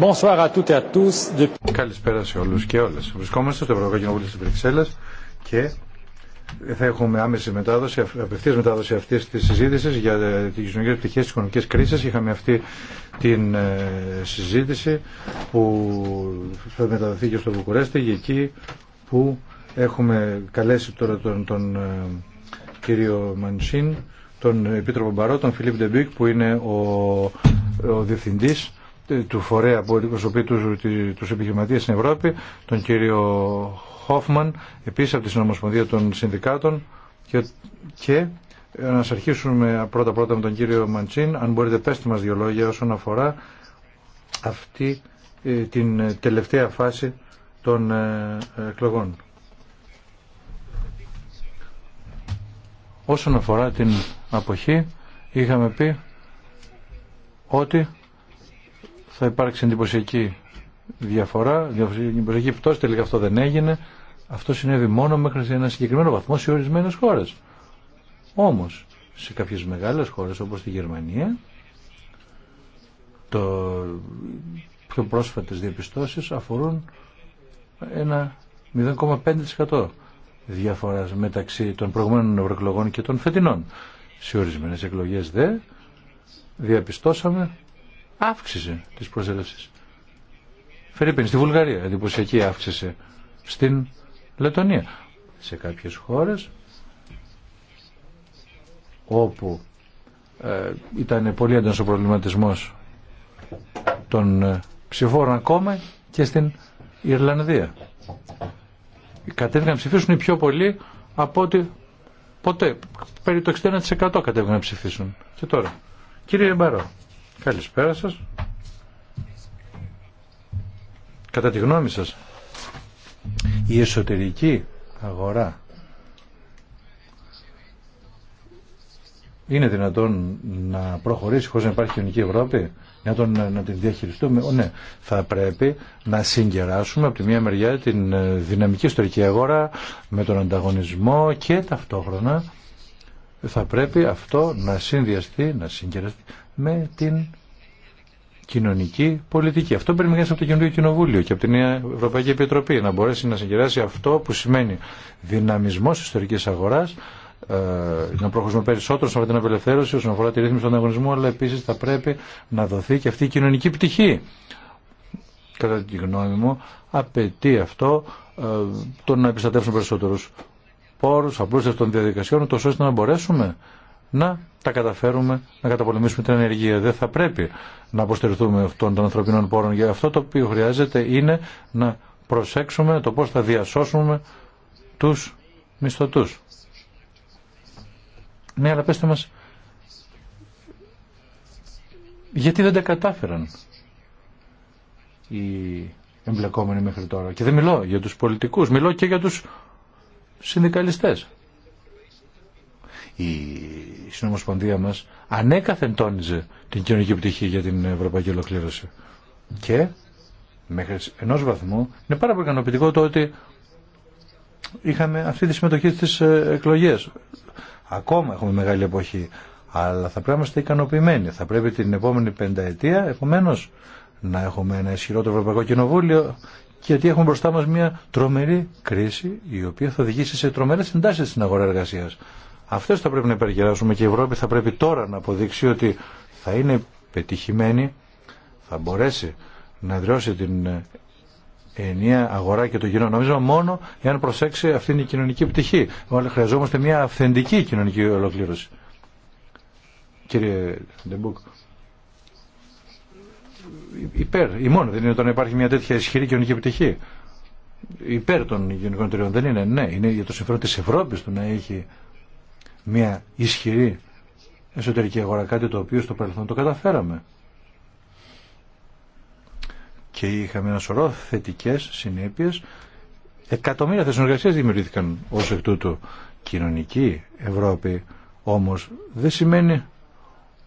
Bonsoir à toutes et à tous. Καλησπέρα σε όλους και όλες. Βρισκόμαστε στο Ευρωπαϊκό Κοινοβούλιο της Βρυξέλλας και θα έχουμε άμεση μετάδοση, απευθεία μετάδοση αυτής της συζήτησης για ε, τι κοινωνικέ πτυχέ τη οικονομική κρίση. Είχαμε αυτή τη ε, συζήτηση που θα μεταδοθεί και στο Βουκουρέστι και εκεί που έχουμε καλέσει τώρα τον, τον ε, κύριο Μανσίν, τον Επίτροπο Μπαρό, τον Φιλίπ Ντεμπίκ που είναι ο, ο διευθυντής ε, του φορέα που αντιπροσωπεί του τους επιχειρηματίες στην Ευρώπη, τον κύριο Χόφμαν, επίσης από τη Συνομοσπονδία των Συνδικάτων και, και ε, να σα αρχίσουμε πρώτα-πρώτα με τον κύριο Μαντσίν, αν μπορείτε πέστε μας δύο λόγια όσον αφορά αυτή ε, την τελευταία φάση των εκλογών. Όσον αφορά την αποχή, είχαμε πει ότι θα υπάρξει εντυπωσιακή διαφορά, εντυπωσιακή πτώση, τελικά αυτό δεν έγινε. Αυτό συνέβη μόνο μέχρι σε ένα συγκεκριμένο βαθμό σε ορισμένε χώρε. Όμω, σε κάποιε μεγάλε χώρε όπω τη Γερμανία, το πιο πρόσφατε διαπιστώσει αφορούν ένα 0,5% διαφορά μεταξύ των προηγούμενων ευρωεκλογών και των φετινών. Σε ορισμένε εκλογέ δε διαπιστώσαμε αύξησε τις προσέλευσεις. Φερρυπίν, στη Βουλγαρία εντυπωσιακή αύξησε. Στην Λετωνία. Σε κάποιες χώρες όπου ε, ήταν πολύ έντονος ο προβληματισμός των ε, ψηφόρων ακόμα και στην Ιρλανδία. Κατέβηκαν να ψηφίσουν οι πιο πολλοί από ότι ποτέ. Περί το 61% κατέβηκαν να ψηφίσουν. Και τώρα. Κύριε Μπαρό. Καλησπέρα σας. Κατά τη γνώμη σας, η εσωτερική αγορά είναι δυνατόν να προχωρήσει χωρίς να υπάρχει κοινωνική Ευρώπη, να, τον, να την διαχειριστούμε. Ο, ναι, θα πρέπει να συγκεράσουμε από τη μία μεριά την ε, δυναμική ιστορική αγορά με τον ανταγωνισμό και ταυτόχρονα θα πρέπει αυτό να συνδυαστεί, να συγκεραστεί με την κοινωνική πολιτική. Αυτό πρέπει να γίνει από το Κοινωνικό Κοινοβούλιο και από την Ευρωπαϊκή Επιτροπή να μπορέσει να συγκεράσει αυτό που σημαίνει δυναμισμός ιστορικής αγοράς ε, να προχωρήσουμε περισσότερο σε αυτή την απελευθέρωση όσον αφορά τη ρύθμιση του ανταγωνισμού, αλλά επίση θα πρέπει να δοθεί και αυτή η κοινωνική πτυχή. Κατά τη γνώμη μου, απαιτεί αυτό ε, το να επιστατεύσουμε περισσότερου πόρου, απλούστευση των διαδικασιών, τόσο ώστε να μπορέσουμε να τα καταφέρουμε να καταπολεμήσουμε την ανεργία. Δεν θα πρέπει να αποστερηθούμε αυτών των ανθρωπινών πόρων. Για αυτό το οποίο χρειάζεται είναι να προσέξουμε το πώς θα διασώσουμε τους μισθωτούς. Ναι, αλλά πέστε μας, γιατί δεν τα κατάφεραν οι εμπλεκόμενοι μέχρι τώρα. Και δεν μιλώ για τους πολιτικούς, μιλώ και για τους συνδικαλιστές η συνομοσπονδία μας ανέκαθεν τόνιζε την κοινωνική πτυχή για την ευρωπαϊκή ολοκλήρωση. Και μέχρι ενός βαθμού είναι πάρα πολύ ικανοποιητικό το ότι είχαμε αυτή τη συμμετοχή στις ε, εκλογές. Ακόμα έχουμε μεγάλη εποχή, αλλά θα πρέπει να είμαστε ικανοποιημένοι. Θα πρέπει την επόμενη πενταετία, επομένω να έχουμε ένα το Ευρωπαϊκό Κοινοβούλιο γιατί έχουμε μπροστά μας μια τρομερή κρίση η οποία θα οδηγήσει σε τρομερές συντάσεις στην αγορά εργασίας. Αυτέ θα πρέπει να υπεργεράσουμε και η Ευρώπη θα πρέπει τώρα να αποδείξει ότι θα είναι πετυχημένη, θα μπορέσει να δρώσει την ενιαία αγορά και το κοινό νόμισμα μόνο εάν προσέξει αυτή την κοινωνική πτυχή. Όλοι χρειαζόμαστε μια αυθεντική κοινωνική ολοκλήρωση. Κύριε Ντεμπούκ, υπέρ, η μόνο δεν είναι όταν υπάρχει μια τέτοια ισχυρή κοινωνική πτυχή. Υπέρ των γενικών εταιριών δεν είναι, ναι, είναι για το συμφέρον της Ευρώπης του να έχει μια ισχυρή εσωτερική αγορά, κάτι το οποίο στο παρελθόν το καταφέραμε. Και είχαμε ένα σωρό θετικές συνέπειες. Εκατομμύρια θεσμοργασίες δημιουργήθηκαν ως εκ τούτου. Κοινωνική Ευρώπη όμως δεν σημαίνει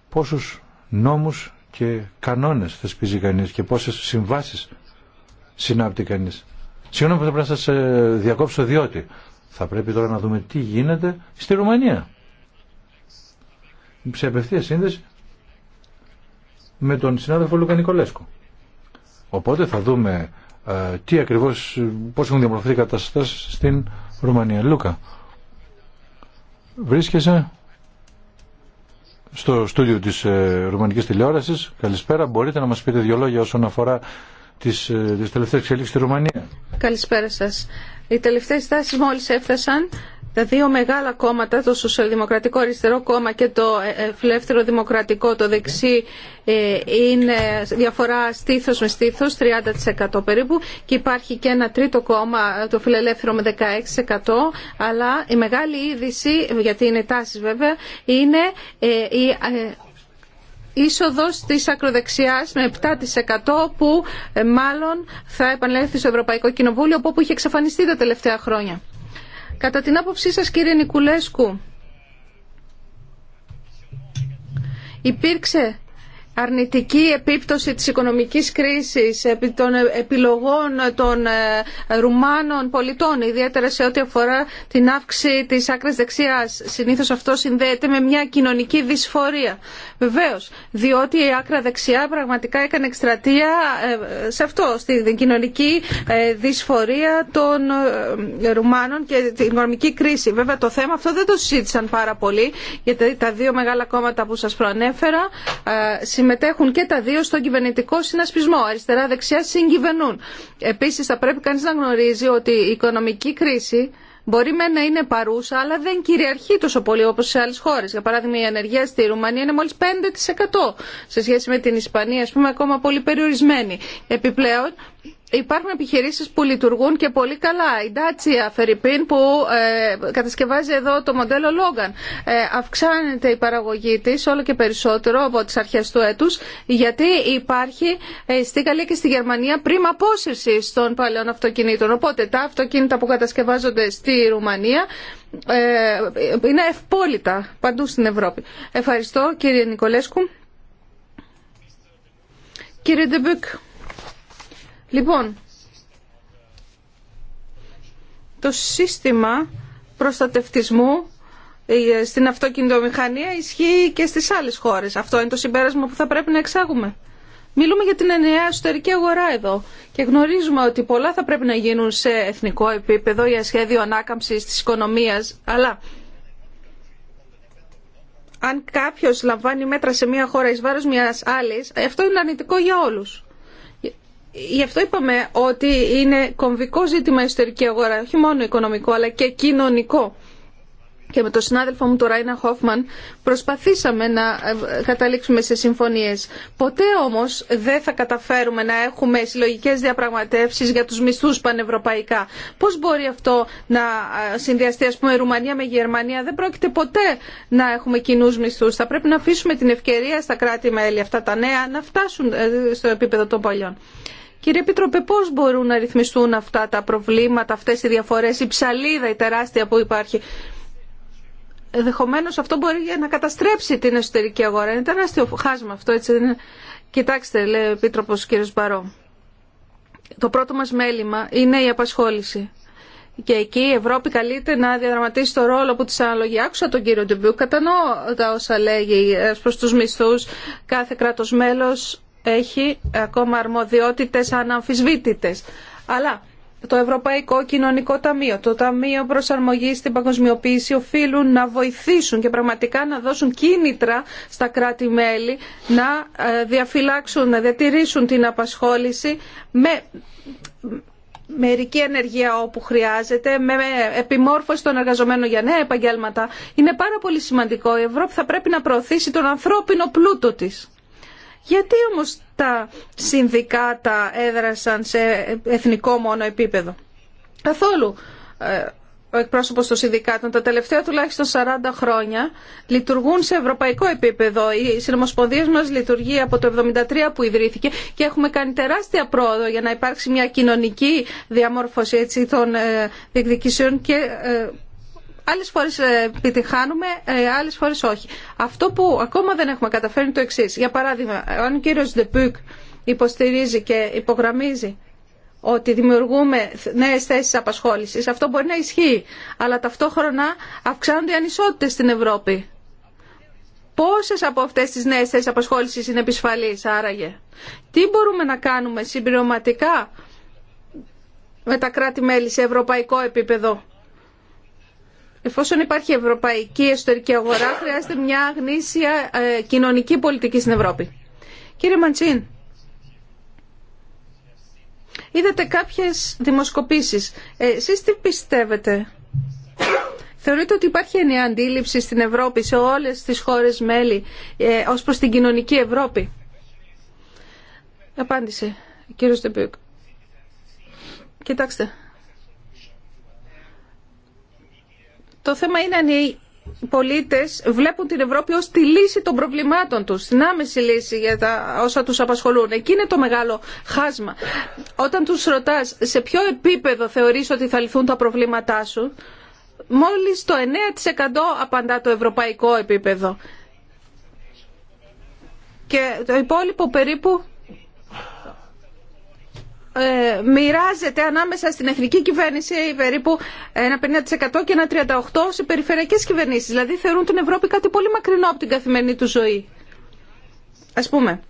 πόσους νόμους και κανόνες θεσπίζει κανείς και πόσες συμβάσεις συνάπτει κανείς. Συγγνώμη που θα πρέπει να σας ε, διακόψω διότι θα πρέπει τώρα να δούμε τι γίνεται στη Ρουμανία. Σε απευθεία σύνδεση με τον συνάδελφο Λούκα Νικολέσκο. Οπότε θα δούμε ε, τι ακριβώς, πώς έχουν διαμορφωθεί οι καταστάσεις στην Ρουμανία. Λούκα, βρίσκεσαι στο στούντιο της ε, Ρουμανικής Τηλεόρασης. Καλησπέρα. Μπορείτε να μας πείτε δύο λόγια όσον αφορά τις, ε, τις τελευταίες εξελίξεις στη Ρουμανία. Καλησπέρα σας. Οι τελευταίες τάσεις μόλις έφτασαν τα δύο μεγάλα κόμματα, το Σοσιαλδημοκρατικό Αριστερό Κόμμα και το Ελεύθερο ε, Δημοκρατικό, το δεξί, ε, είναι διαφορά στήθος με στήθος, 30% περίπου και υπάρχει και ένα τρίτο κόμμα, το Φιλελεύθερο με 16% αλλά η μεγάλη είδηση, γιατί είναι τάσεις βέβαια, είναι ε, η είσοδος της ακροδεξιάς με 7% που ε, μάλλον θα επανέλθει στο Ευρωπαϊκό Κοινοβούλιο όπου είχε εξαφανιστεί τα τελευταία χρόνια. Κατά την άποψή σας κύριε Νικουλέσκου, υπήρξε αρνητική επίπτωση της οικονομικής κρίσης επί των επιλογών των ε, Ρουμάνων πολιτών, ιδιαίτερα σε ό,τι αφορά την αύξηση της άκρας δεξιάς. Συνήθως αυτό συνδέεται με μια κοινωνική δυσφορία. Βεβαίως, διότι η άκρα δεξιά πραγματικά έκανε εκστρατεία ε, σε αυτό, στην κοινωνική ε, δυσφορία των Ρουμάνων και την οικονομική κρίση. Βέβαια το θέμα αυτό δεν το συζήτησαν πάρα πολύ, γιατί τα δύο μεγάλα κόμματα που σας προανέφερα μετέχουν και τα δύο στον κυβερνητικό συνασπισμό. Αριστερά-δεξιά συγκυβερνούν. Επίση, θα πρέπει κανεί να γνωρίζει ότι η οικονομική κρίση μπορεί με να είναι παρούσα, αλλά δεν κυριαρχεί τόσο πολύ όπω σε άλλε χώρε. Για παράδειγμα, η ανεργία στη Ρουμανία είναι μόλι 5% σε σχέση με την Ισπανία, α πούμε, ακόμα πολύ περιορισμένη. Επιπλέον, Υπάρχουν επιχειρήσεις που λειτουργούν και πολύ καλά. Η Dacia Φερρυπίν που ε, κατασκευάζει εδώ το μοντέλο Logan. Ε, αυξάνεται η παραγωγή τη όλο και περισσότερο από τις αρχές του έτου, γιατί υπάρχει ε, στη Γαλλία και στη Γερμανία πριν απόσυρση των παλαιών αυτοκινήτων. Οπότε τα αυτοκίνητα που κατασκευάζονται στη Ρουμανία ε, είναι ευπόλυτα παντού στην Ευρώπη. Ευχαριστώ κύριε Νικολέσκου. Κύριε Ντεμπούκ. Λοιπόν, το σύστημα προστατευτισμού ε, στην αυτοκινητομηχανία ισχύει και στις άλλες χώρες. Αυτό είναι το συμπέρασμα που θα πρέπει να εξάγουμε. Μιλούμε για την ενιαία εσωτερική αγορά εδώ και γνωρίζουμε ότι πολλά θα πρέπει να γίνουν σε εθνικό επίπεδο για σχέδιο ανάκαμψης της οικονομίας, αλλά αν κάποιος λαμβάνει μέτρα σε μια χώρα εις βάρος μιας άλλης, αυτό είναι αρνητικό για όλους. Γι' αυτό είπαμε ότι είναι κομβικό ζήτημα η εσωτερική αγορά, όχι μόνο οικονομικό αλλά και κοινωνικό. Και με τον συνάδελφο μου, τον Ράινα Χόφμαν, προσπαθήσαμε να ε, καταλήξουμε σε συμφωνίε. Ποτέ όμω δεν θα καταφέρουμε να έχουμε συλλογικέ διαπραγματεύσει για του μισθού πανευρωπαϊκά. Πώ μπορεί αυτό να ε, συνδυαστεί, α πούμε, Ρουμανία με Γερμανία. Δεν πρόκειται ποτέ να έχουμε κοινού μισθού. Θα πρέπει να αφήσουμε την ευκαιρία στα κράτη-μέλη αυτά τα νέα να φτάσουν ε, στο επίπεδο των παλιών. Κύριε Επίτροπε, πώς μπορούν να ρυθμιστούν αυτά τα προβλήματα, αυτές οι διαφορές, η ψαλίδα η τεράστια που υπάρχει. Ενδεχομένω αυτό μπορεί να καταστρέψει την εσωτερική αγορά. Είναι τεράστιο χάσμα αυτό, έτσι δεν είναι. Κοιτάξτε, λέει ο Επίτροπος κύριο Μπαρό. Το πρώτο μας μέλημα είναι η απασχόληση. Και εκεί η Ευρώπη καλείται να διαδραματίσει το ρόλο που τη αναλογεί. Άκουσα τον κύριο Ντεμπιού, κατανοώ τα όσα λέγει ε, προ του μισθού κάθε κράτο μέλο έχει ακόμα αρμοδιότητες αναμφισβήτητες. Αλλά το Ευρωπαϊκό Κοινωνικό Ταμείο, το Ταμείο Προσαρμογής στην Παγκοσμιοποίηση οφείλουν να βοηθήσουν και πραγματικά να δώσουν κίνητρα στα κράτη-μέλη να ε, διαφυλάξουν, να διατηρήσουν την απασχόληση με μερική ενεργεία όπου χρειάζεται, με επιμόρφωση των εργαζομένων για νέα επαγγέλματα. Είναι πάρα πολύ σημαντικό. Η Ευρώπη θα πρέπει να προωθήσει τον ανθρώπινο πλούτο της. Γιατί όμως τα συνδικάτα έδρασαν σε εθνικό μόνο επίπεδο. Καθόλου ε, ο εκπρόσωπος των συνδικάτων τα τελευταία τουλάχιστον 40 χρόνια λειτουργούν σε ευρωπαϊκό επίπεδο. Η συνομοσπονδία μας λειτουργεί από το 1973 που ιδρύθηκε και έχουμε κάνει τεράστια πρόοδο για να υπάρξει μια κοινωνική διαμόρφωση των ε, διεκδικησιών. και ε, Άλλε φορέ ε, επιτυχάνουμε, ε, άλλε φορέ όχι. Αυτό που ακόμα δεν έχουμε καταφέρει είναι το εξή. Για παράδειγμα, αν ο κύριο Ντεπούκ υποστηρίζει και υπογραμμίζει ότι δημιουργούμε νέε θέσει απασχόληση, αυτό μπορεί να ισχύει, αλλά ταυτόχρονα αυξάνονται οι ανισότητε στην Ευρώπη. Πόσε από αυτέ τι νέε θέσει απασχόληση είναι επισφαλεί, άραγε. Τι μπορούμε να κάνουμε συμπληρωματικά με τα κράτη-μέλη σε ευρωπαϊκό επίπεδο Εφόσον υπάρχει ευρωπαϊκή εσωτερική αγορά, χρειάζεται μια γνήσια ε, κοινωνική πολιτική στην Ευρώπη. Κύριε Μαντσίν, είδατε κάποιες δημοσκοπήσεις. Ε, εσείς τι πιστεύετε. Θεωρείτε ότι υπάρχει ενιαία αντίληψη στην Ευρώπη, σε όλες τις χώρες μέλη, ε, ως προς την κοινωνική Ευρώπη. Απάντησε, κύριο Στεμπιούκ. Κοιτάξτε, Το θέμα είναι αν οι πολίτες βλέπουν την Ευρώπη ως τη λύση των προβλημάτων τους, την άμεση λύση για τα όσα τους απασχολούν. Εκεί είναι το μεγάλο χάσμα. Όταν τους ρωτάς σε ποιο επίπεδο θεωρείς ότι θα λυθούν τα προβλήματά σου, μόλις το 9% απαντά το ευρωπαϊκό επίπεδο. Και το υπόλοιπο περίπου ε, μοιράζεται ανάμεσα στην εθνική κυβέρνηση περίπου ένα 50% και ένα 38% σε περιφερειακές κυβερνήσεις. Δηλαδή θεωρούν την Ευρώπη κάτι πολύ μακρινό από την καθημερινή του ζωή. Ας πούμε.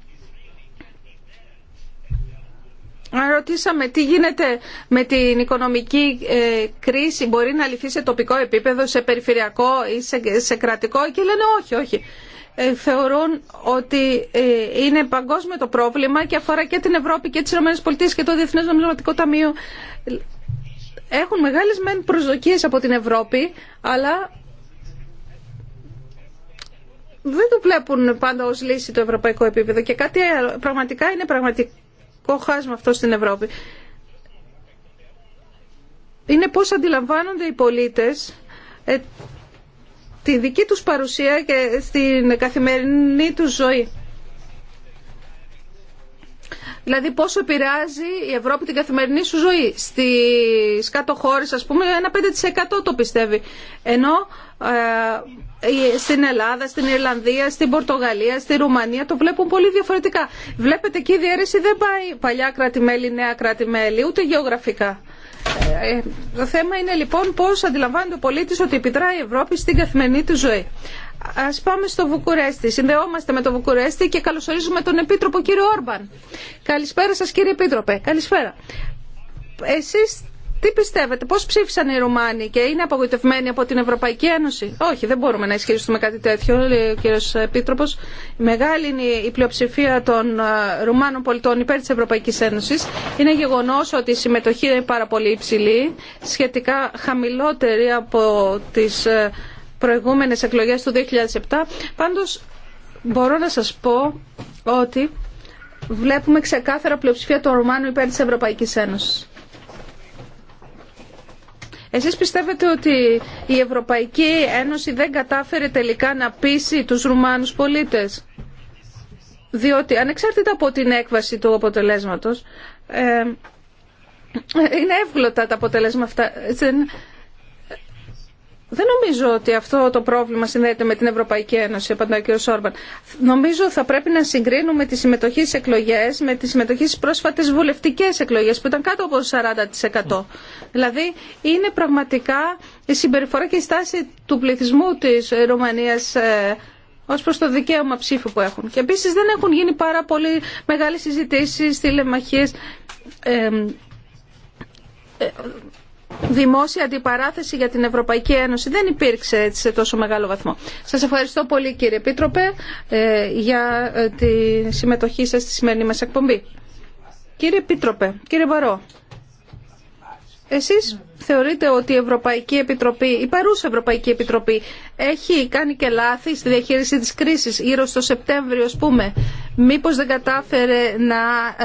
Αν ρωτήσαμε τι γίνεται με την οικονομική ε, κρίση, μπορεί να λυθεί σε τοπικό επίπεδο, σε περιφερειακό ή σε, κρατικό και λένε όχι, όχι. Ε, θεωρούν ότι ε, είναι παγκόσμιο το πρόβλημα και αφορά και την Ευρώπη και τις ΗΠΑ και το Διεθνές Νομισματικό Ταμείο. Έχουν μεγάλες μεν προσδοκίες από την Ευρώπη, αλλά δεν το βλέπουν πάντα ως λύση το ευρωπαϊκό επίπεδο και κάτι πραγματικά είναι πραγματικό χάσμα αυτό στην Ευρώπη. Είναι πώς αντιλαμβάνονται οι πολίτες ε, στη δική τους παρουσία και στην καθημερινή τους ζωή. Δηλαδή πόσο επηρεάζει η Ευρώπη την καθημερινή σου ζωή. Στις κάτω χώρες ας πούμε ένα 5% το πιστεύει. Ενώ ε, στην Ελλάδα, στην Ιρλανδία, στην Πορτογαλία, στη Ρουμανία το βλέπουν πολύ διαφορετικά. Βλέπετε εκεί η διαίρεση δεν πάει παλιά κράτη-μέλη, νέα κράτη-μέλη, ούτε γεωγραφικά. Ε, το θέμα είναι λοιπόν πώς αντιλαμβάνεται ο πολίτης ότι επιτράει η Ευρώπη στην καθημερινή του ζωή. Α πάμε στο Βουκουρέστι. Συνδεόμαστε με το Βουκουρέστι και καλωσορίζουμε τον Επίτροπο κύριο Όρμπαν. Καλησπέρα σα κύριε Επίτροπε. Καλησπέρα. Εσεί τι πιστεύετε, πώ ψήφισαν οι Ρουμάνοι και είναι απογοητευμένοι από την Ευρωπαϊκή Ένωση. Όχι, δεν μπορούμε να ισχυριστούμε κάτι τέτοιο, λέει ο κύριος Επίτροπος. Μεγάλη είναι η πλειοψηφία των ε, Ρουμάνων πολιτών υπέρ τη Ευρωπαϊκή Ένωση. Είναι γεγονό ότι η συμμετοχή είναι πάρα πολύ υψηλή, σχετικά χαμηλότερη από τι ε, προηγούμενε εκλογέ του 2007. Πάντως, μπορώ να σα πω ότι βλέπουμε ξεκάθαρα πλειοψηφία των Ρουμάνων υπέρ τη Ευρωπαϊκή Ένωση. Εσείς πιστεύετε ότι η Ευρωπαϊκή Ένωση δεν κατάφερε τελικά να πείσει τους Ρουμάνους πολίτες. Διότι ανεξάρτητα από την έκβαση του αποτελέσματος, ε, ε, είναι εύγλωτα τα αποτελέσματα αυτά. Δεν νομίζω ότι αυτό το πρόβλημα συνδέεται με την Ευρωπαϊκή Ένωση, απαντά ο κ. Σόρμπαν. Νομίζω θα πρέπει να συγκρίνουμε τη συμμετοχή στι εκλογέ με τη συμμετοχή στι πρόσφατε βουλευτικέ εκλογέ, που ήταν κάτω από 40%. Δηλαδή, είναι πραγματικά η συμπεριφορά και η στάση του πληθυσμού τη Ρουμανία ε, ω προ το δικαίωμα ψήφου που έχουν. Και επίση δεν έχουν γίνει πάρα πολύ μεγάλε συζητήσει, τηλεμαχίε. Ε, ε, δημόσια αντιπαράθεση για την Ευρωπαϊκή Ένωση δεν υπήρξε έτσι σε τόσο μεγάλο βαθμό. Σας ευχαριστώ πολύ κύριε Επίτροπε ε, για ε, τη συμμετοχή σας στη σημερινή μας εκπομπή. Κύριε Επίτροπε, κύριε Βαρό, εσείς θεωρείτε ότι η Ευρωπαϊκή Επιτροπή, η παρούσα Ευρωπαϊκή Επιτροπή, έχει κάνει και λάθη στη διαχείριση της κρίσης γύρω στο Σεπτέμβριο, ας πούμε. Μήπως δεν κατάφερε να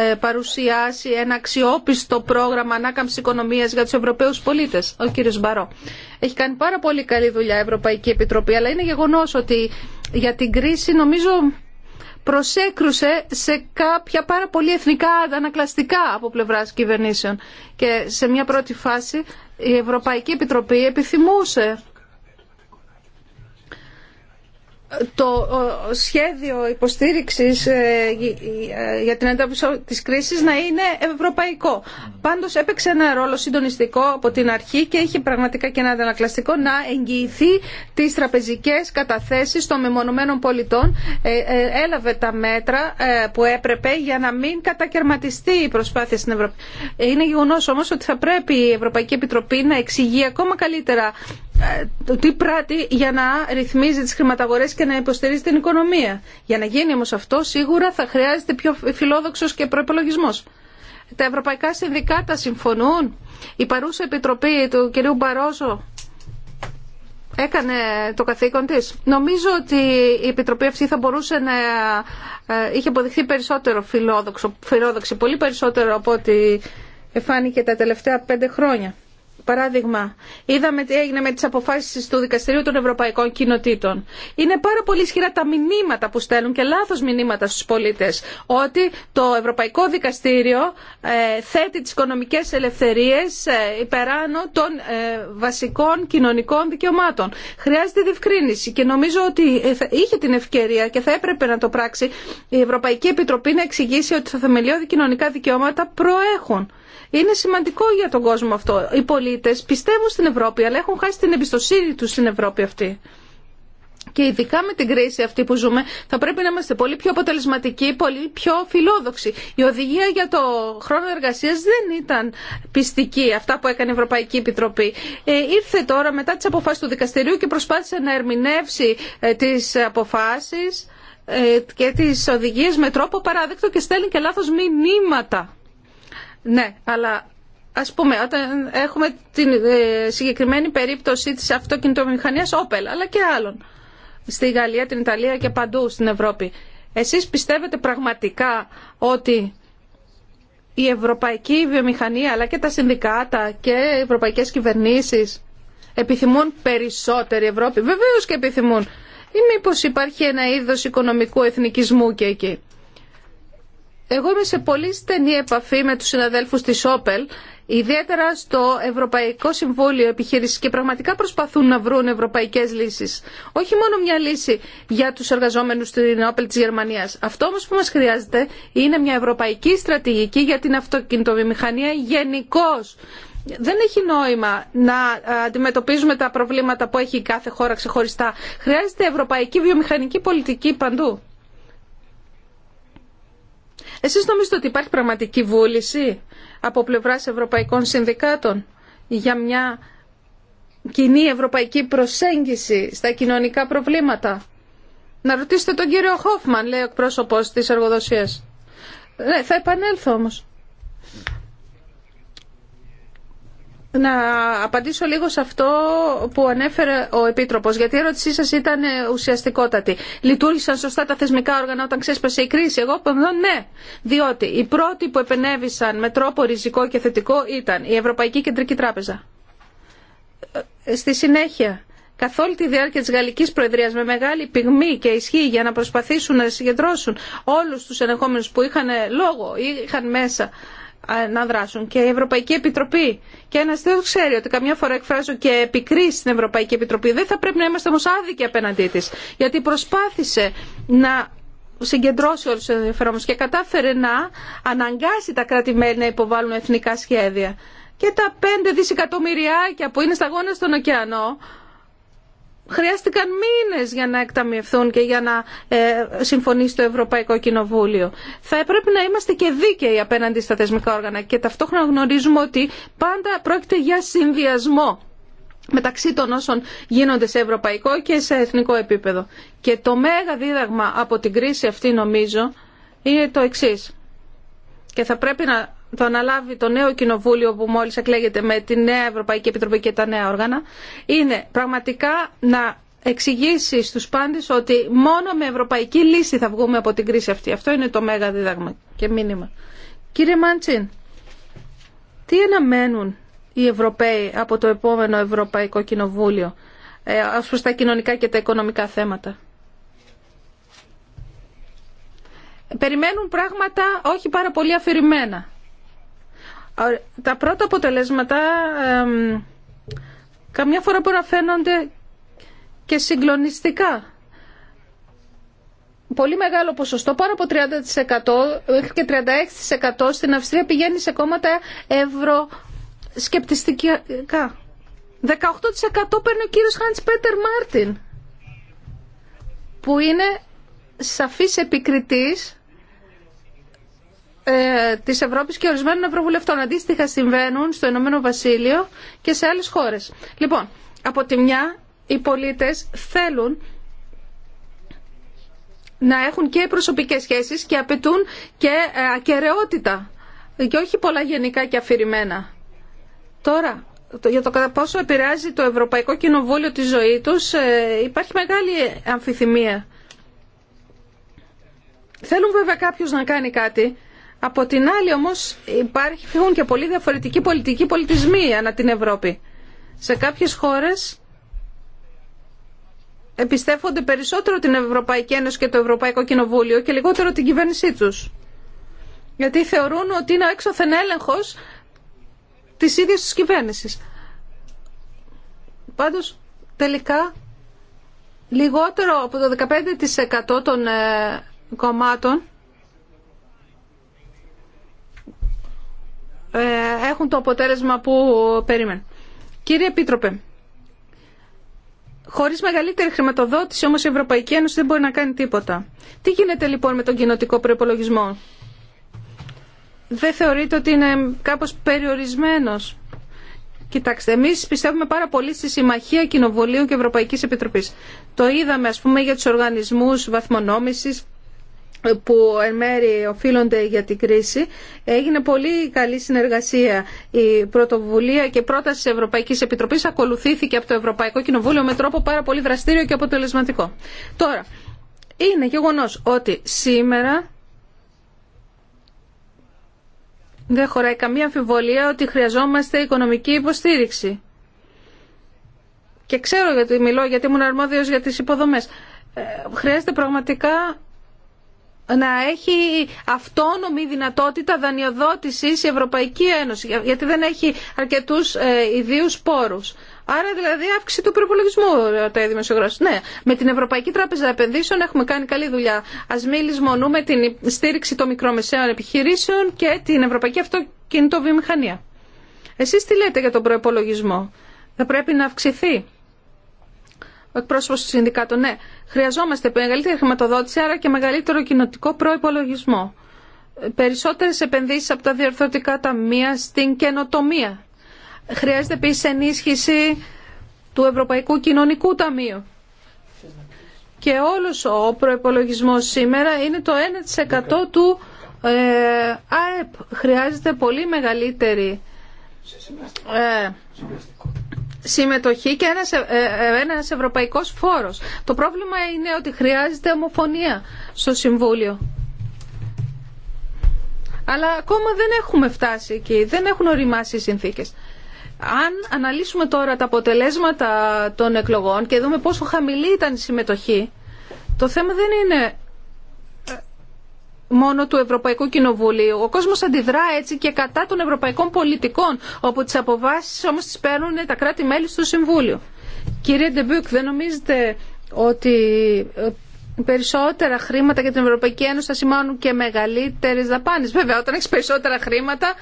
ε, παρουσιάσει ένα αξιόπιστο πρόγραμμα ανάκαμψης οικονομίας για τους Ευρωπαίους πολίτες, ο κύριος Μπαρό. Έχει κάνει πάρα πολύ καλή δουλειά η Ευρωπαϊκή Επιτροπή, αλλά είναι γεγονός ότι για την κρίση νομίζω προσέκρουσε σε κάποια πάρα πολύ εθνικά ανακλαστικά από πλευράς κυβερνήσεων. Και σε μια πρώτη φάση η Ευρωπαϊκή Επιτροπή επιθυμούσε το σχέδιο υποστήριξης ε, για την αντιμετώπιση της κρίσης να είναι ευρωπαϊκό. Πάντως έπαιξε ένα ρόλο συντονιστικό από την αρχή και είχε πραγματικά και ένα αντανακλαστικό να εγγυηθεί τις τραπεζικές καταθέσεις των μεμονωμένων πολιτών. Ε, ε, έλαβε τα μέτρα που έπρεπε για να μην κατακαιρματιστεί η προσπάθεια στην Ευρώπη. Είναι γεγονός όμως ότι θα πρέπει η Ευρωπαϊκή Επιτροπή να εξηγεί ακόμα καλύτερα ε, το τι πράττει για να ρυθμίζει τις χρηματαγορές και να υποστηρίζει την οικονομία. Για να γίνει όμως αυτό σίγουρα θα χρειάζεται πιο φιλόδοξος και προπολογισμό. Τα ευρωπαϊκά συνδικάτα συμφωνούν. Η παρούσα επιτροπή του κυρίου Μπαρόζο έκανε το καθήκον της. Νομίζω ότι η επιτροπή αυτή θα μπορούσε να ε, είχε αποδειχθεί περισσότερο φιλόδοξο, φιλόδοξη, πολύ περισσότερο από ό,τι εφάνηκε τα τελευταία πέντε χρόνια. Παράδειγμα, είδαμε τι έγινε με τι αποφάσει του Δικαστηρίου των Ευρωπαϊκών Κοινοτήτων. Είναι πάρα πολύ ισχυρά τα μηνύματα που στέλνουν και λάθο μηνύματα στου πολίτε. ότι το Ευρωπαϊκό Δικαστήριο ε, θέτει τι οικονομικέ ελευθερίε ε, υπεράνω των ε, βασικών κοινωνικών δικαιωμάτων. Χρειάζεται διευκρίνηση και νομίζω ότι ε, είχε την ευκαιρία και θα έπρεπε να το πράξει η Ευρωπαϊκή Επιτροπή να εξηγήσει ότι τα θεμελιώδη κοινωνικά δικαιώματα προέχουν είναι σημαντικό για τον κόσμο αυτό. Οι πολίτε πιστεύουν στην Ευρώπη, αλλά έχουν χάσει την εμπιστοσύνη του στην Ευρώπη αυτή. Και ειδικά με την κρίση αυτή που ζούμε, θα πρέπει να είμαστε πολύ πιο αποτελεσματικοί, πολύ πιο φιλόδοξοι. Η οδηγία για το χρόνο εργασία δεν ήταν πιστική, αυτά που έκανε η Ευρωπαϊκή Επιτροπή. Ε, ήρθε τώρα μετά τι αποφάσει του δικαστηρίου και προσπάθησε να ερμηνεύσει ε, τι αποφάσει ε, και τι οδηγίε με τρόπο παράδεκτο και στέλνει και λάθο μηνύματα. Ναι, αλλά ας πούμε όταν έχουμε την ε, συγκεκριμένη περίπτωση της αυτοκινητομηχανίας Opel, αλλά και άλλων, στη Γαλλία, την Ιταλία και παντού στην Ευρώπη. Εσείς πιστεύετε πραγματικά ότι η ευρωπαϊκή βιομηχανία αλλά και τα συνδικάτα και οι ευρωπαϊκές κυβερνήσεις επιθυμούν περισσότερη Ευρώπη. Βεβαίως και επιθυμούν. Ή μήπω υπάρχει ένα είδος οικονομικού εθνικισμού και εκεί. Εγώ είμαι σε πολύ στενή επαφή με τους συναδέλφους της Όπελ, ιδιαίτερα στο Ευρωπαϊκό Συμβούλιο Επιχείρησης και πραγματικά προσπαθούν να βρουν ευρωπαϊκές λύσεις. Όχι μόνο μια λύση για τους εργαζόμενους στην Όπελ της Γερμανίας. Αυτό όμως που μας χρειάζεται είναι μια ευρωπαϊκή στρατηγική για την αυτοκινητοβιομηχανία γενικώ. Δεν έχει νόημα να αντιμετωπίζουμε τα προβλήματα που έχει κάθε χώρα ξεχωριστά. Χρειάζεται ευρωπαϊκή βιομηχανική πολιτική παντού. Εσεί νομίζετε ότι υπάρχει πραγματική βούληση από πλευρά ευρωπαϊκών συνδικάτων για μια κοινή ευρωπαϊκή προσέγγιση στα κοινωνικά προβλήματα. Να ρωτήσετε τον κύριο Χόφμαν, λέει ο εκπρόσωπο της εργοδοσίας. Ναι, θα επανέλθω όμω. να απαντήσω λίγο σε αυτό που ανέφερε ο επίτροπο, γιατί η ερώτησή σα ήταν ε, ουσιαστικότατη. Λειτουργήσαν σωστά τα θεσμικά όργανα όταν ξέσπασε η κρίση. Εγώ απαντώ ε, ναι, διότι οι πρώτοι που επενέβησαν με τρόπο ριζικό και θετικό ήταν η Ευρωπαϊκή Κεντρική Τράπεζα. Ε, στη συνέχεια, καθ' όλη τη διάρκεια τη Γαλλική Προεδρία με μεγάλη πυγμή και ισχύ για να προσπαθήσουν να συγκεντρώσουν όλου του ενεχόμενου που είχαν λόγο ή είχαν μέσα να δράσουν και η Ευρωπαϊκή Επιτροπή. Και ένα δεν ξέρει ότι καμιά φορά εκφράζω και επικρίσει στην Ευρωπαϊκή Επιτροπή. Δεν θα πρέπει να είμαστε όμω άδικοι απέναντί τη. Γιατί προσπάθησε να συγκεντρώσει όλου του ενδιαφερόμενου και κατάφερε να αναγκάσει τα κράτη-μέλη να υποβάλουν εθνικά σχέδια. Και τα 5 δισεκατομμυριάκια που είναι στα γόνα στον ωκεανό χρειάστηκαν μήνες για να εκταμιευθούν και για να ε, συμφωνήσει το Ευρωπαϊκό Κοινοβούλιο. Θα πρέπει να είμαστε και δίκαιοι απέναντι στα θεσμικά όργανα και ταυτόχρονα γνωρίζουμε ότι πάντα πρόκειται για συνδυασμό μεταξύ των όσων γίνονται σε ευρωπαϊκό και σε εθνικό επίπεδο. Και το μέγα δίδαγμα από την κρίση αυτή νομίζω είναι το εξής. Και θα πρέπει να το αναλάβει το νέο κοινοβούλιο που μόλις εκλέγεται με τη νέα Ευρωπαϊκή Επιτροπή και τα νέα όργανα, είναι πραγματικά να εξηγήσει στους πάντες ότι μόνο με ευρωπαϊκή λύση θα βγούμε από την κρίση αυτή. Αυτό είναι το μέγα δίδαγμα και μήνυμα. Κύριε Μάντσιν, τι αναμένουν οι Ευρωπαίοι από το επόμενο Ευρωπαϊκό Κοινοβούλιο ε, ως τα κοινωνικά και τα οικονομικά θέματα. Περιμένουν πράγματα όχι πάρα πολύ αφηρημένα. Τα πρώτα αποτελέσματα καμιά φορά μπορεί να φαίνονται και συγκλονιστικά. Πολύ μεγάλο ποσοστό, πάνω από 30% και 36% στην Αυστρία πηγαίνει σε κόμματα ευρωσκεπτιστικά. 18% παίρνει ο κύριος Χάντς Πέτερ Μάρτιν, που είναι σαφής επικριτής ε, της Ευρώπης και ορισμένων ευρωβουλευτών. Αντίστοιχα συμβαίνουν στο Ηνωμένο Βασίλειο και σε άλλες χώρες. Λοιπόν, από τη μια οι πολίτες θέλουν να έχουν και προσωπικές σχέσεις και απαιτούν και ε, ακαιρεότητα και όχι πολλά γενικά και αφηρημένα. Τώρα, για το κατά πόσο επηρεάζει το Ευρωπαϊκό Κοινοβούλιο τη ζωή τους ε, υπάρχει μεγάλη αμφιθυμία. Θέλουν βέβαια κάποιος να κάνει κάτι από την άλλη όμως υπάρχουν και πολύ διαφορετικοί πολιτικοί πολιτισμοί ανά την Ευρώπη. Σε κάποιες χώρες επιστέφονται περισσότερο την Ευρωπαϊκή Ένωση και το Ευρωπαϊκό Κοινοβούλιο και λιγότερο την κυβέρνησή τους. Γιατί θεωρούν ότι είναι ο έξωθεν έλεγχος της ίδιας της κυβέρνησης. Πάντως τελικά λιγότερο από το 15% των ε, κομμάτων Ε, έχουν το αποτέλεσμα που περίμενε. Κύριε Επίτροπε, χωρίς μεγαλύτερη χρηματοδότηση όμως η Ευρωπαϊκή Ένωση δεν μπορεί να κάνει τίποτα. Τι γίνεται λοιπόν με τον κοινοτικό προπολογισμό. Δεν θεωρείτε ότι είναι κάπως περιορισμένος. Κοιτάξτε, εμεί πιστεύουμε πάρα πολύ στη συμμαχία Κοινοβουλίου και Ευρωπαϊκή Επιτροπή. Το είδαμε, α πούμε, για του οργανισμού βαθμονόμηση που εν μέρει οφείλονται για την κρίση. Έγινε πολύ καλή συνεργασία. Η πρωτοβουλία και πρόταση της Ευρωπαϊκής Επιτροπής ακολουθήθηκε από το Ευρωπαϊκό Κοινοβούλιο με τρόπο πάρα πολύ δραστήριο και αποτελεσματικό. Τώρα, είναι γεγονός ότι σήμερα δεν χωράει καμία αμφιβολία ότι χρειαζόμαστε οικονομική υποστήριξη. Και ξέρω γιατί μιλώ, γιατί ήμουν αρμόδιος για τις υποδομές. Ε, χρειάζεται πραγματικά να έχει αυτόνομη δυνατότητα δανειοδότησης η Ευρωπαϊκή Ένωση, γιατί δεν έχει αρκετούς ε, ιδίους πόρους. Άρα δηλαδή αύξηση του προπολογισμού τα δημοσιογράφηση. Ναι, με την Ευρωπαϊκή Τράπεζα Επενδύσεων έχουμε κάνει καλή δουλειά. Α μην λησμονούμε την στήριξη των μικρομεσαίων επιχειρήσεων και την Ευρωπαϊκή Αυτοκινητοβιομηχανία. Εσεί τι λέτε για τον προπολογισμό, θα πρέπει να αυξηθεί ο εκπρόσωπο του Συνδικάτου. Ναι, χρειαζόμαστε μεγαλύτερη χρηματοδότηση, άρα και μεγαλύτερο κοινοτικό προπολογισμό. Περισσότερε επενδύσει από τα διορθωτικά ταμεία στην καινοτομία. Χρειάζεται επίση ενίσχυση του Ευρωπαϊκού Κοινωνικού Ταμείου. Και όλος ο προϋπολογισμός σήμερα είναι το 1% του ε, ΑΕΠ. Χρειάζεται πολύ μεγαλύτερη ε, συμμετοχή και ένας, ε, ε, ε, ένας ευρωπαϊκός φόρος. Το πρόβλημα είναι ότι χρειάζεται ομοφωνία στο Συμβούλιο. Αλλά ακόμα δεν έχουμε φτάσει εκεί, δεν έχουν οριμάσει οι συνθήκες. Αν αναλύσουμε τώρα τα αποτελέσματα των εκλογών και δούμε πόσο χαμηλή ήταν η συμμετοχή, το θέμα δεν είναι μόνο του Ευρωπαϊκού Κοινοβουλίου. Ο κόσμος αντιδρά έτσι και κατά των ευρωπαϊκών πολιτικών, όπου τι αποβάσεις όμως τι παίρνουν τα κράτη-μέλη στο Συμβούλιο. Κύριε Ντεμπούκ, δεν νομίζετε ότι ε, περισσότερα χρήματα για την Ευρωπαϊκή Ένωση θα σημάνουν και μεγαλύτερε δαπάνε. Βέβαια, όταν έχει περισσότερα χρήματα,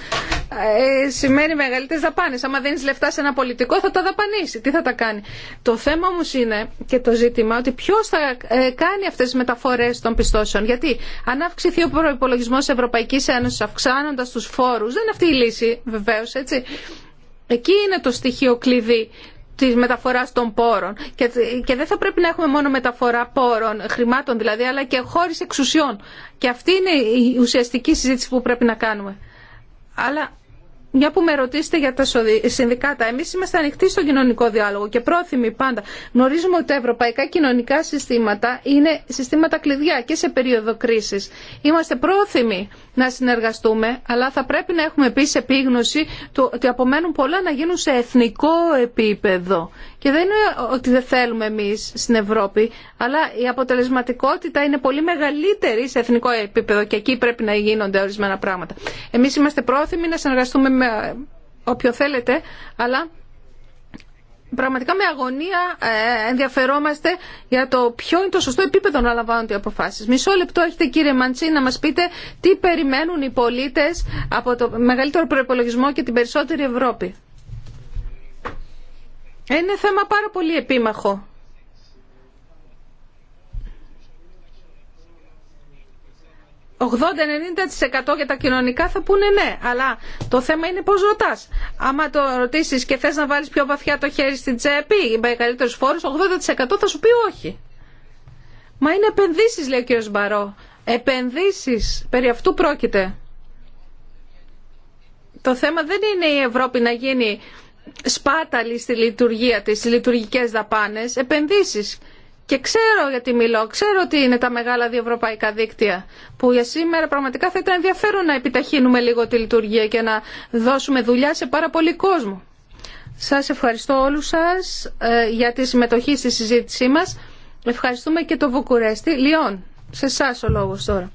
ε, σημαίνει μεγαλύτερε δαπάνε. Άμα δίνει λεφτά σε ένα πολιτικό, θα τα δαπανίσει. Τι θα τα κάνει. Το θέμα όμω είναι και το ζήτημα ότι ποιο θα ε, κάνει αυτέ τι μεταφορέ των πιστώσεων. Γιατί αν αυξηθεί ο προπολογισμό τη Ευρωπαϊκή Ένωση αυξάνοντα του φόρου, δεν είναι αυτή η λύση βεβαίω, έτσι. Εκεί είναι το στοιχείο κλειδί τη μεταφορά των πόρων. Και, και δεν θα πρέπει να έχουμε μόνο μεταφορά πόρων, χρημάτων δηλαδή, αλλά και χώρη εξουσιών. Και αυτή είναι η ουσιαστική συζήτηση που πρέπει να κάνουμε. Αλλά μια που με ρωτήσετε για τα συνδικάτα, εμείς είμαστε ανοιχτοί στον κοινωνικό διάλογο και πρόθυμοι πάντα. Γνωρίζουμε ότι τα ευρωπαϊκά κοινωνικά συστήματα είναι συστήματα κλειδιά και σε περίοδο κρίσης. Είμαστε πρόθυμοι να συνεργαστούμε, αλλά θα πρέπει να έχουμε επίση επίγνωση ότι απομένουν πολλά να γίνουν σε εθνικό επίπεδο και δεν είναι ότι δεν θέλουμε εμείς στην Ευρώπη, αλλά η αποτελεσματικότητα είναι πολύ μεγαλύτερη σε εθνικό επίπεδο και εκεί πρέπει να γίνονται ορισμένα πράγματα. Εμείς είμαστε πρόθυμοι να συνεργαστούμε με όποιο θέλετε, αλλά πραγματικά με αγωνία ε, ενδιαφερόμαστε για το ποιο είναι το σωστό επίπεδο να λαμβάνονται οι αποφάσεις. Μισό λεπτό έχετε κύριε Μαντσί να μας πείτε τι περιμένουν οι πολίτες από το μεγαλύτερο προπολογισμό και την περισσότερη Ευρώπη. Ε, είναι θέμα πάρα πολύ επίμαχο. «80-90% για τα κοινωνικά θα πούνε ναι, αλλά το θέμα είναι πώς ρωτάς. Άμα το ρωτήσεις και θες να βάλεις πιο βαθιά το χέρι στην τσέπη με καλύτερους φόρους, 80% θα σου πει όχι. Μα είναι επενδύσεις, λέει ο κύριος Μπαρό. Επενδύσεις. Περί αυτού πρόκειται. Το θέμα δεν είναι η Ευρώπη να γίνει σπάταλη στη λειτουργία της, στις λειτουργικές δαπάνες, επενδύσεις. Και ξέρω γιατί μιλώ, ξέρω ότι είναι τα μεγάλα διευρωπαϊκά δίκτυα που για σήμερα πραγματικά θα ήταν ενδιαφέρον να επιταχύνουμε λίγο τη λειτουργία και να δώσουμε δουλειά σε πάρα πολύ κόσμο. Σας ευχαριστώ όλους σας ε, για τη συμμετοχή στη συζήτησή μας. Ευχαριστούμε και το Βουκουρέστι. Λιόν, σε εσά ο λόγος τώρα.